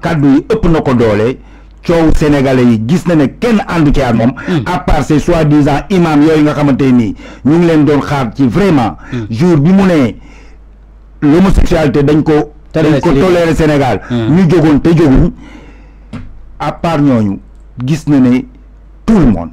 kàddu yi ëpp na ko doole coow sénégalais yi gis na ne kenn àndu ci ak moom mm. à part ces soi-disant imam yooyu nga xamante nii ñu ngi leen doon xaar ci vraiment mm. jour bi mu ne l'homosexualité dañ ko dañ ko toléré Sénégal mm. ñu jógoon te jóguñ à part ñooñu gis na ne tout le monde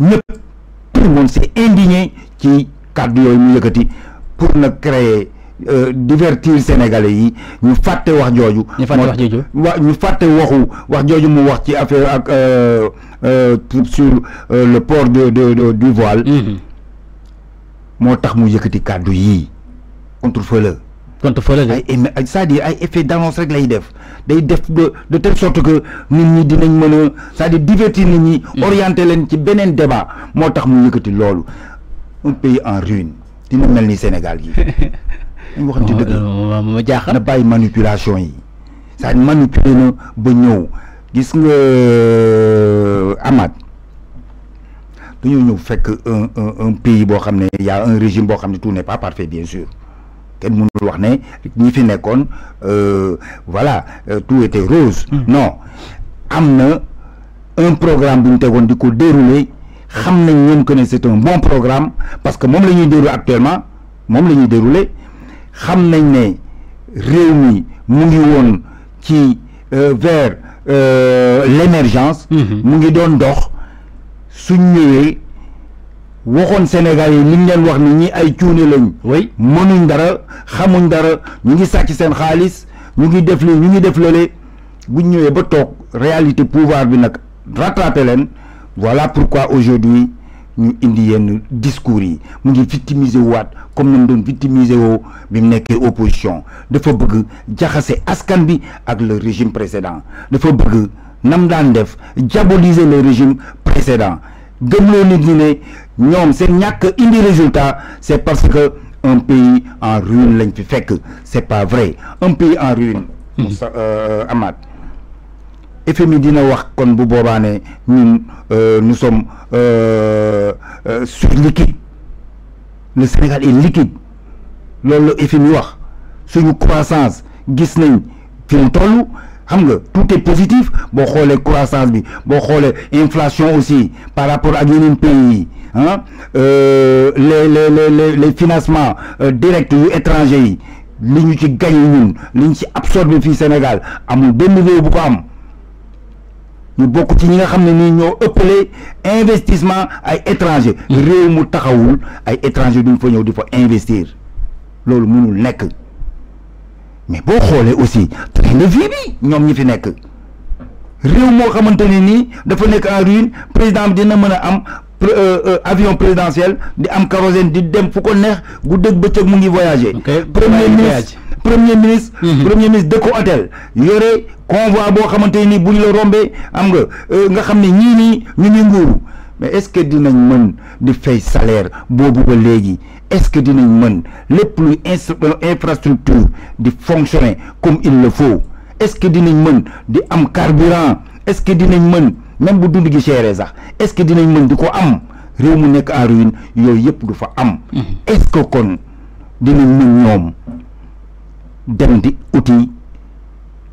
ñëpp tout le monde s'est indigné ci kàddu yooyu mu yëkkati pour na créer Euh, divertir sénégalais yi ñu faté wax nous ñu faté wax ñu euh, euh, sur le port de de du voile. Mhm. mu yëkëti cadeau contre contre c'est-à-dire ay effet d'annonce def day def de telle sorte que nit ñi dinañ mëna cest divertir nit ñi. Mhm. orienter leen ci benen débat mu un pays en ruine dina melni Sénégal ñu waxante dëgg oh, oh, oh, ma jaaxal na bàyyi manipulation yi saa manipuler na ba ñëw gis nga euh, Amath dañoo ñëw fekk un un un pays boo xam ne y a un régime boo xam tout n'est pas parfait bien sûr kenn mënul wax ne ñi fi nekkoon euh, voilà euh, tout était rose. Hmm. non am un programme bu ñu tegoon di ko déroulé. xam nañ ñoom un bon programme parce que moom la ñuy actuellement moom la déroulé xam nañ ne réew mi mu ngi woon ci euh, vers euh, l'émergence mhm. mu ngi doon dox suñ ñëwee waxoon Sénégal yi li ñu leen wax ni ñi ay cuune lañ mënuñ dara xamuñ dara ñu ngi sàcc seen xaalis ñu ngi def li ñu ngi def lële buñ ñëwee ba toog réalité pouvoir bi nag rattrapé leen voilà pourquoi aujourd'hui nous indi yenn discours yi mu victimiser comme nous doon victimiser Nous opposition le régime précédent Nous bëgg nam daan diaboliser le régime précédent Nous nit nous nous indi résultat c'est parce que un pays en ruine lañ fi c'est pas vrai un pays en ruine. Euh, euh, nous sommes euh, euh, sur liquide le Sénégal est liquide loolu croissance gis tout est positif croissance inflation aussi par rapport à pays hein, les financements directs étrangers yi liñu ci Sénégal amul benn ñu bokk ci ñi nga xam ñoo investissement ay étranger mm. réew mu taxawul ay étranger du fa ñëw di investir loolu mënul nekk mais boo xoolee aussi train de vie bi fait ñi fi nekk réew moo xamante ne nii dafa nekk en ruine président bi dina am euh, euh, avion présidentiel di am kérosène di dem fu ko neex guddeeg bëccëg mu ngi voyager premier ministre premier ministre mm-hmm. premier ministre dëkku hôtel yore convoi boo xamante ni bu la rombé am nga euh, nga xamné ñi ni, nii ñu ngi mais est-ce que dinañ mën di fay salaire boobu ba légui est-ce que dinañ mën lepp luy euh, infrastructure di fonctionner comme il le faut est-ce que dinañ mën di am carburant est-ce que dinañ mën même bu dund gi chéré sax est-ce que dinañ mën di ko am réew mu nekk en ruine yooyu yépp du fa am mm-hmm. est-ce que kon dinañ mën ñoom dem di outil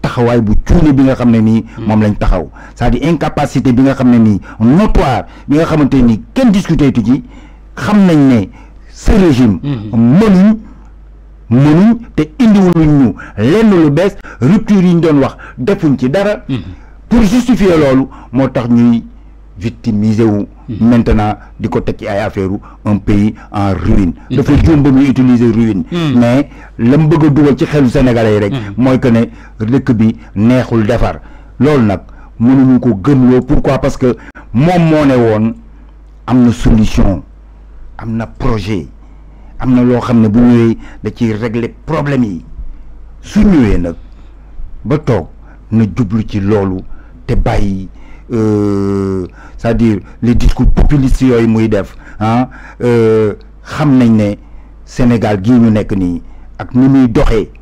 taxawaay bu cuune bi nga xam ne nii mm. moom lañ taxaw saa à incapacité bi nga xam ne nii notoire bi nga xamante nii kenn discuté tu ci xam nañ ne ce régime mm. mënuñ mënuñ te indiwuluñ ñu lenn lu bees rupture yi ñu doon wax defuñ ci dara mm. pour justifier loolu moo tax ñuy victimisé ou mhm. maintenant du côté qui a affaire ou un pays en ruine Le mhm. fait ba muy utiliser ruine mhm. mais l'homme de bëgg qui est ci xelu sénégalais je connais le que ne dëkk bi neexul L'on loolu nag mënuñu ko pourquoi parce que mon moo ne woon am solution am na projet am na loo xam ne bu qui da ciy régler problème yi su bateau ne ba toog na jublu ci te bàyyi euh, c'est-à-dire les discours populistes qui ont été ah Sénégal gii ñu nekk Sénégal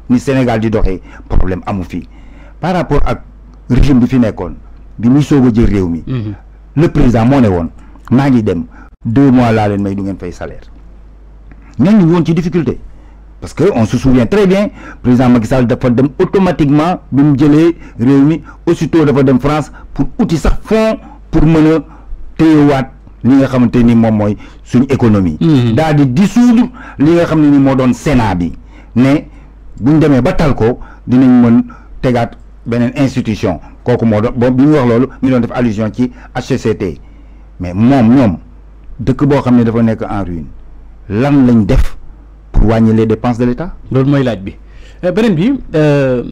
ni Sénégal ni Sénégal problème par rapport au régime bi mhm. le président deux mois la may salaire difficulté parce que on se souvient très bien président Macky Sall dafa dem automatiquement Bim mu jëlee aussitôt dafa dem France pour outil sax fond pour mener a téyewaat li nga xamante ni moom mooy économie. Mm-hmm. daal di dissoudre li nga xam ne Sénat bi ne buñ demee ba tal ko dinañ mën tegaat beneen institution kooku moo doon bo bi ñu wax def allusion ci HCCT mais moom ñoom dëkk boo xam ne dafa nekk en ruine lan lañ def wàññi les dépenses de l'État loolu mooy laaj bi eh, beneen bi euh,